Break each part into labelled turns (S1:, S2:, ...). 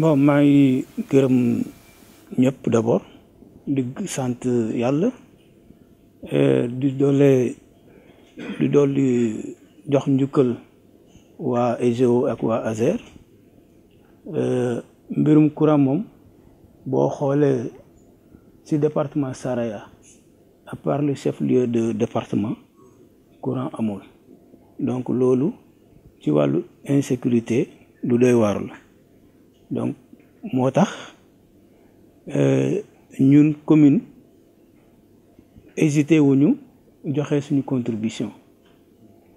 S1: bon suis gërëm ñëpp d'abord et sant yàlla eh, di du di de e eh, département Saraya à part le chef-lieu de département courant amul donc loolu ci insécurité du donc moi moo tax euh, ñun commune hésité wuñu faire une contribution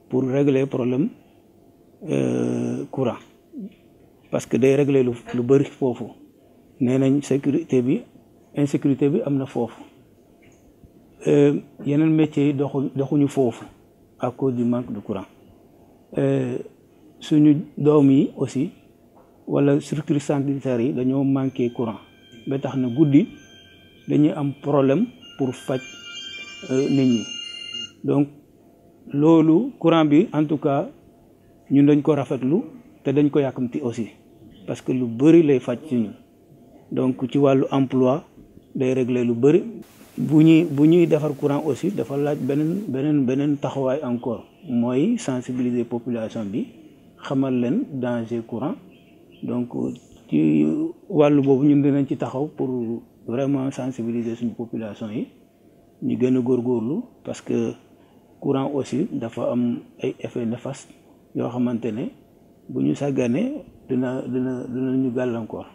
S1: pour régler le problème euh, courant parce que day régler lu lu Il foofu nee nañ sécurité bi insécurité bi am na foofu euh, yeneen un yi doxu doxuñu foofu à cause du manque de courant suñu doom yi aussi wala structure sanitaire yi dañoo manqué courant ba tax na guddi dañuy am problème pour faj euh, nit ñi donc loolu courant bi en tout cas ñun dañ ko rafetlu te dañ ko yàkkamti aussi parce que lu bëri lay faj ci ñu donc ci wàllu emploi day réglé lu bëri bu ñuy bu ñuy defar courant aussi dafa laaj beneen beneen beneen taxawaay encore mooy sensibiliser population bi xamal leen danger courant donc ci walu boobu ñun dinañ ci taxaw pour vraiment sensibiliser suñu population yi ñu gën a góorgóorlu parce que courant aussi dafa am ay effet néfaste yoo xamante ne bu ñu sàggane dina dina dina ñu gàllankoor